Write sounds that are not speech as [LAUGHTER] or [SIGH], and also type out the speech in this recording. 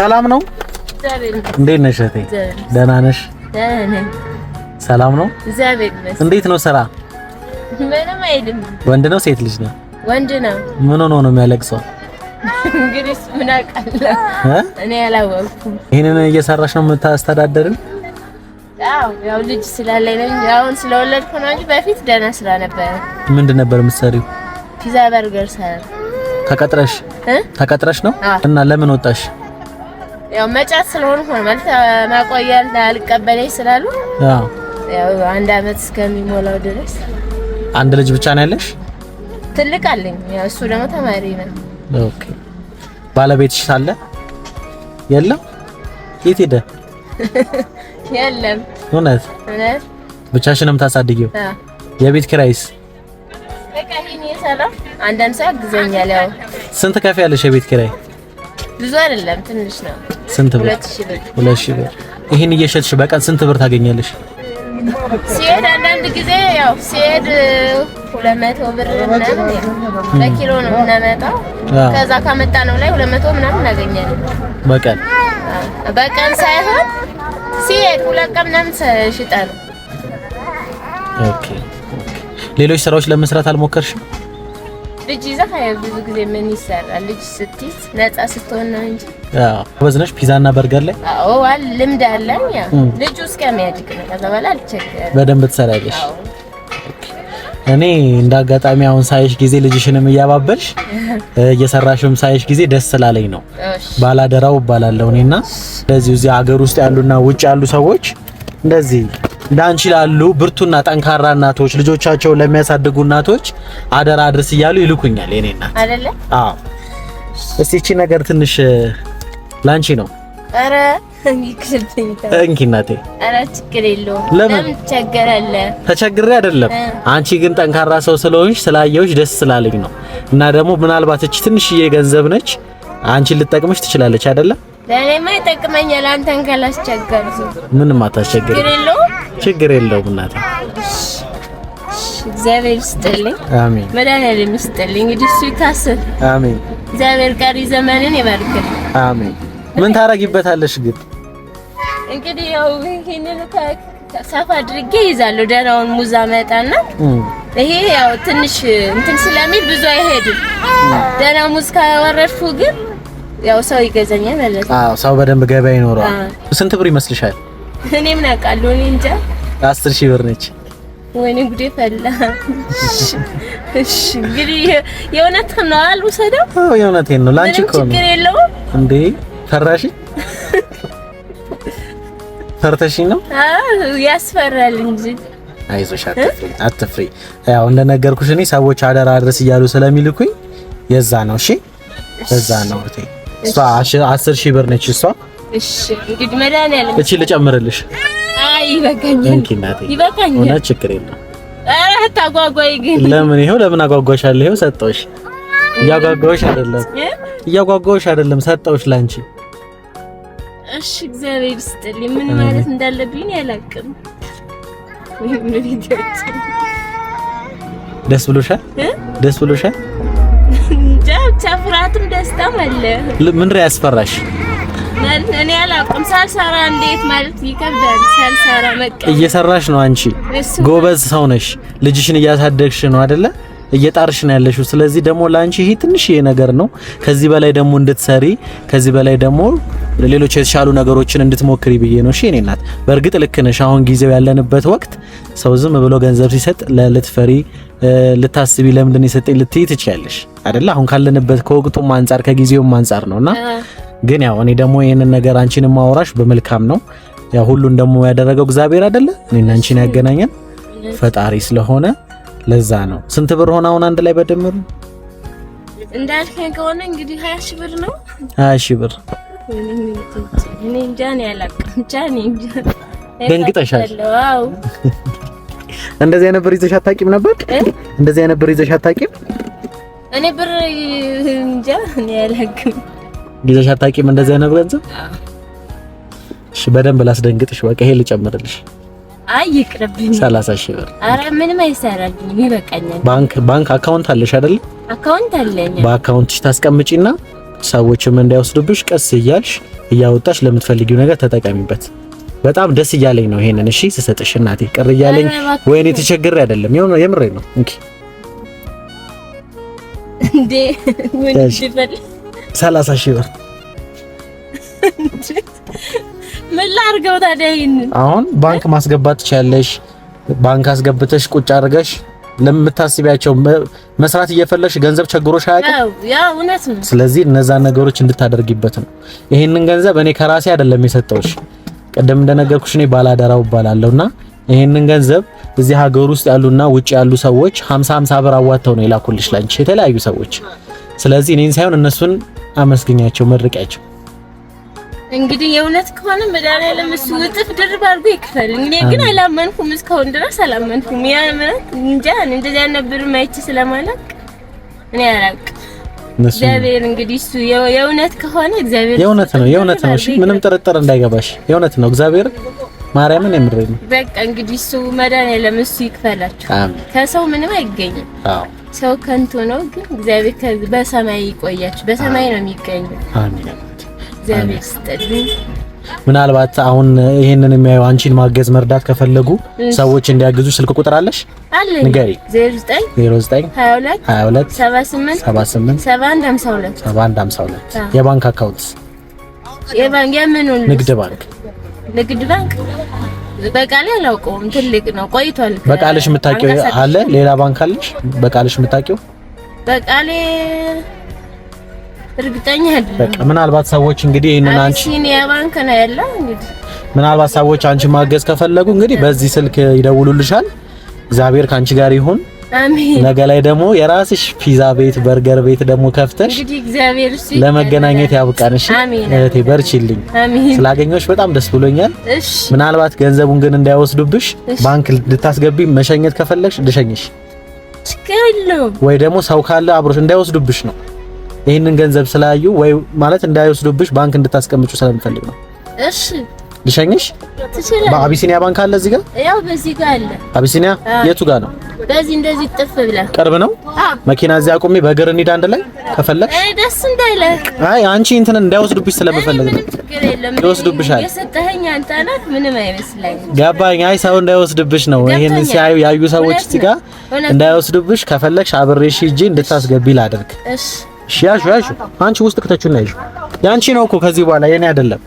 ሰላም ነው? እንዴት ነሽ እህቴ? ደህና ነሽ? ሰላም ነው? እንዴት ነው ስራ? ምንም አይልም። ወንድ ነው ሴት ልጅ ነው? ወንድ ነው። ምን ሆኖ ነው የሚያለቅሰው? እንግዲህ ምን አውቃለሁ እኔ አላወኩም። ይሄንን እየሰራሽ ነው የምታስተዳደርን? አዎ ያው ልጅ ስላለኝ ነው። አሁን ስለወለድኩ ነው እንጂ በፊት ደህና ስራ ነበረ። ምንድን ነበር የምትሰሪው? ፒዛ በርገር ሰራ። ተቀጥረሽ ተቀጥረሽ ነው? እና ለምን ወጣሽ? ያው መጫት ስለሆነ ሆነ ማለት ማቆያል አልቀበለኝ ስላሉ ያው አንድ አመት እስከሚሞላው ድረስ አንድ ልጅ ብቻ ነው ያለሽ? ትልቅ አለኝ። ያው እሱ ደግሞ ተማሪ ነው። ኦኬ ባለቤትሽ አለ? የለም። የት ሄደ? [LAUGHS] የለም። እውነት እውነት። ብቻሽንም ታሳድጊው? አዎ። የቤት ኪራይስ? በቃ ይሄን የሰራው አንዳንድ ሰው ያግዘኛል። ያው ስንት ከፍ ያለሽ የቤት ኪራይ? ብዙ አይደለም፣ ትንሽ ነው። ስንት ብር? ሁለት ሺህ ብር። ይሄን እየሸጥሽ በቀን ስንት ብር ታገኛለሽ? ሲሄድ አንዳንድ ጊዜ ያው ሲሄድ ሁለት መቶ ብር ምናምን ለኪሎ ነው የምናመጣው። ከዛ ካመጣ ነው ላይ ሁለት መቶ ምናምን እናገኛለን በቀን በቀን ሳይሆን ሲሄድ ሁለት ቀን ምናምን ኦኬ ሌሎች ስራዎች ለመስራት አልሞከርሽም? ልጅ ይዘህ ብዙ ጊዜ ምን ይሰራል? ልጅ ስትይዝ ነፃ ስትሆን ነው እንጂ ፒዛና በርገር ላይ አዎ፣ ልምድ አለኝ። ልጁ እስከሚያድግ ነው። ከዛ በኋላ አልቸገርም። በደንብ እኔ እንደ አጋጣሚ አሁን ሳይሽ ጊዜ ልጅሽንም እያባበልሽ [LAUGHS] እየሰራሽም ሳይሽ ጊዜ ደስ ስላለኝ ነው። ባላደራው እባላለሁ እኔና እንደዚህ እዚህ ሀገር ውስጥ ያሉና ውጭ ያሉ ሰዎች እንደዚህ እንዳንቺ ላሉ ብርቱና ጠንካራ እናቶች ልጆቻቸውን ለሚያሳድጉ እናቶች አደራ አድርስ እያሉ ይልኩኛል። የኔ እናት አይደለ? አዎ። እስቲ እቺ ነገር ትንሽ ላንቺ ነው። አረ እንኪ እናቴ። አረ ችግር የለውም። ለምን ተቸገረለ? ተቸግሬ አይደለም። አንቺ ግን ጠንካራ ሰው ስለሆንሽ ስላየሁሽ ደስ ስላለኝ ነው። እና ደግሞ ምናልባት እቺ ትንሽዬ ገንዘብ ነች አንቺን ልጠቅምሽ ትችላለች አይደለም? ለእኔማ ይጠቅመኛል። አንተን ካላስቸገርኩ ምንም አታስቸግር። ችግር የለውም እናቴ። እግዚአብሔር ይስጥልኝ። አሜን። መድኃኒዓለም ይስጥልኝ። እንግዲህ እሱ ይታሰብ። አሜን። እግዚአብሔር ቀሪ ዘመንን ይባርክል። አሜን። ምን ታረጊበታለሽ ግን? እንግዲህ ያው ይሄንን ሰፋ አድርጌ ይዛለሁ። ደህናውን ሙዛ መጣና ይሄ ያው ትንሽ እንትን ስለሚል ብዙ አይሄድም። ደህና ሙዝ ካወረድኩ ግን ያው ሰው ይገዛኛል ማለት ነው። አዎ ሰው በደንብ ገበያ ይኖረዋል። ስንት ብር ይመስልሻል? እኔ ምን አውቃለሁ፣ እኔ እንጃ። አስር ሺህ ብር ነች። ወይኔ ጉዴ ፈላ። እሺ እንግዲህ የእውነትህን ነው አልወሰደው። አዎ የእውነቴን ነው። ላንቺ እኮ ነው። ችግር የለውም እንዴ ፈራሽ? ፈርተሽኝ ነው? አዎ ያስፈራል እንጂ አይዞሽ፣ አትፍሪ አትፍሪ። ያው እንደነገርኩሽ እኔ ሰዎች አደራ ድረስ እያሉ ስለሚልኩኝ የዛ ነው። እሺ በዛ ነው እቴ እሷ አስር ሺህ ብር ነች እሷ። እሺ እንግዲህ ልጨምርልሽ። አይ ይበቃኛል፣ ችግር የለም። ለምን ይሄው ለምን አጓጓሻለሁ? ይሄው ሰጠሁሽ። እያጓጓሁሽ አይደለም፣ እያጓጓሁሽ አይደለም፣ ሰጠሁሽ ላንቺ። እሺ እግዚአብሔር ይስጥልኝ። ምን ማለት እንዳለብኝ ደስ ብሎሻል? ደስ ብሎሻል? እንጃ ብቻ ፍርሃትም ደስታም አለ። ምን ያስፈራሽ? እኔ አላውቅም። ሳልሰራ እንዴት ማለት ይከብዳል። ሳልሰራ መቀ እየሰራሽ ነው። አንቺ ጎበዝ ሰው ነሽ። ልጅሽን እያሳደግሽ ነው አይደለ? እየጣርሽ ነው ያለሽው። ስለዚህ ደግሞ ለአንቺ ይሄ ትንሽዬ ነገር ነው። ከዚህ በላይ ደግሞ እንድትሰሪ ከዚህ በላይ ደግሞ ሌሎች የተሻሉ ነገሮችን እንድትሞክሪ ብዬ ነው። እሺ የኔ እናት፣ በእርግጥ ልክ ነሽ። አሁን ጊዜው ያለንበት ወቅት ሰው ዝም ብሎ ገንዘብ ሲሰጥ ለልትፈሪ ልታስቢ ለምንድን የሰጠኝ ልትይ ትችያለሽ አይደለ? አሁን ካለንበት ከወቅቱም አንጻር ከጊዜውም አንጻር ነውና ግን ያው እኔ ደግሞ ይሄንን ነገር አንቺን ማወራሽ በመልካም ነው። ያው ሁሉን ደግሞ ያደረገው እግዚአብሔር አይደለ? እኔና አንቺን ያገናኘን ፈጣሪ ስለሆነ ለዛ ነው። ስንት ብር ሆነ አሁን አንድ ላይ በድምሩ? እንዳልከኝ ከሆነ እንግዲህ 20 ሺህ ብር ነው። 20 ሺህ ብር እኔ እንጃ ነው ያላቀ እንጃ ነው እንጃ ደንግጠሻል። እንደዚህ አይነት ብር ይዘሽ አታውቂም ነበር? እንደዚህ አይነት ብር ይዘሽ አታውቂም? እኔ ብር እንጃ እኔ አላውቅም። ይዘሽ አታውቂም እንደዚህ አይነት ገንዘብ? እሺ፣ በደንብ ላስደንግጥሽ። በቃ ይሄ ልጨምርልሽ። አይ ይቅርብኝ። 30 ሺህ ብር። አረ ምንም አይሰራልኝም፣ ይበቃኛል። ባንክ ባንክ አካውንት አለሽ አይደል? አካውንት አለኝ። በአካውንትሽ ታስቀምጪና ሰዎችም እንዳይወስዱብሽ ቀስ እያልሽ እያወጣሽ ለምትፈልጊው ነገር ተጠቀሚበት። በጣም ደስ እያለኝ ነው ይሄንን እሺ ስሰጥሽ እናቴ ቅር እያለኝ ወይኔ ተቸግሬ አይደለም የሆነ የምሬ ነው እንኪ እንዴ ሺህ ብር ምን ላድርገው ታዲያ ይሄንን አሁን ባንክ ማስገባት ትችያለሽ ባንክ አስገብተሽ ቁጭ አድርገሽ ለምታስቢያቸው መስራት እየፈለሽ ገንዘብ ቸግሮሽ አያውቅም። ያው ስለዚህ እነዛ ነገሮች እንድታደርጊበት ነው። ይሄንን ገንዘብ እኔ ከራሴ አይደለም የሰጠውሽ ቀደም እንደነገርኩሽ እኔ ባላደራው እባላለሁና ይህንን ገንዘብ እዚህ ሀገር ውስጥ ያሉና ውጭ ያሉ ሰዎች 50 50 ብር አዋጥተው ነው የላኩልሽ ላንቺ የተለያዩ ሰዎች። ስለዚህ እኔን ሳይሆን እነሱን አመስግኛቸው መርቂያቸው። እንግዲህ የእውነት ከሆነ መድኃኒዓለም እሱ እጥፍ ድርብ አድርጎ ይክፈል። እኔ ግን አላመንኩም፣ እስካሁን ድረስ አላመንኩም። ያ ማለት እንጃ እንደዚህ አይነት ብር ማይቼ ስለማላውቅ እኔ አላውቅም። እግዚአብሔር እንግዲህ እሱ የእውነት ከሆነ እግዚአብሔር የእውነት ነው፣ የእውነት ነው። እሺ ምንም ጥርጥር እንዳይገባሽ፣ የእውነት ነው። እግዚአብሔር ማርያምን የምሬ ነው። በቃ እንግዲህ እሱ መድኃኒዓለም እሱ ይክፈላችሁ። ከሰው ምንም አይገኝም። አዎ ሰው ከንቱ ነው፣ ግን እግዚአብሔር በሰማይ ይቆያችሁ። በሰማይ ነው የሚገኘው። አሜን። እግዚአብሔር ይስጥልኝ። ምናልባት አሁን ይሄንን የሚያዩ አንቺን ማገዝ መርዳት ከፈለጉ ሰዎች እንዲያግዙ ስልክ ቁጥር አለሽ? ንገሪ። 0922 የባንክ አካውንት ንግድ ባንክ ንግድ ባንክ በቃሌ አላውቀውም። ትልቅ ነው፣ ቆይቷል። በቃልሽ የምታውቂው አለ? ሌላ ባንክ አለሽ? በቃልሽ የምታውቂው በቃሌ እርግጠኛ አይደለም። በቃ ምናልባት ሰዎች እንግዲህ ይሄንን አንቺ አቢሲኒያ ባንክ ነው ያለው። እንግዲህ ምናልባት ሰዎች አንቺ ማገዝ ከፈለጉ እንግዲህ በዚህ ስልክ ይደውሉልሻል። እግዚአብሔር ከአንቺ ጋር ይሁን። አሜን። ነገ ላይ ደግሞ የራስሽ ፒዛ ቤት፣ በርገር ቤት ደግሞ ከፍተሽ እንግዲህ እግዚአብሔር እሺ፣ ለመገናኘት ያብቃን። እሺ እህቴ በርቺልኝ። አሜን። ስላገኘሁሽ በጣም ደስ ብሎኛል። እሺ። ምናልባት ገንዘቡን ግን እንዳይወስዱብሽ ባንክ ልታስገቢ መሸኘት ከፈለግሽ ልሸኝሽ ወይ ደግሞ ሰው ካለ አብሮሽ እንዳይወስዱብሽ ነው ይህንን ገንዘብ ስላዩ ወይ ማለት እንዳይወስዱብሽ ባንክ እንድታስቀምጩ ስለምፈልግ ነው። እሺ ልሸኝሽ። በአቢሲኒያ ባንክ አለ እዚህ ጋር፣ ያው በዚህ ጋር አለ አቢሲኒያ። የቱ ጋር ነው? በዚህ እንደዚህ ጥፍ ብለህ ቅርብ ነው። መኪና እዚህ አቁሜ በእግር እንሂድ አንድ ላይ ከፈለግሽ። አይ ደስ እንዳይለ አይ አንቺ እንትን እንዳይወስዱብሽ ስለምፈልግ ነው። ይወስዱብሻል። የሰጠኸኝ አንተ ነህ። ምንም አይመስለኝም። ገባኝ። አይ ሰው እንዳይወስድብሽ ነው። ይሄን ሲያዩ ያዩ ሰዎች እዚህ ጋር እንዳይወስዱብሽ ከፈለግሽ አብሬሽ ሂጂ እንድታስገቢ ላድርግ። እሺ ያሹ ያሹ አንቺ ውስጥ ከተቹ ነው ያንቺ ነው እኮ ከዚህ በኋላ የኔ አይደለም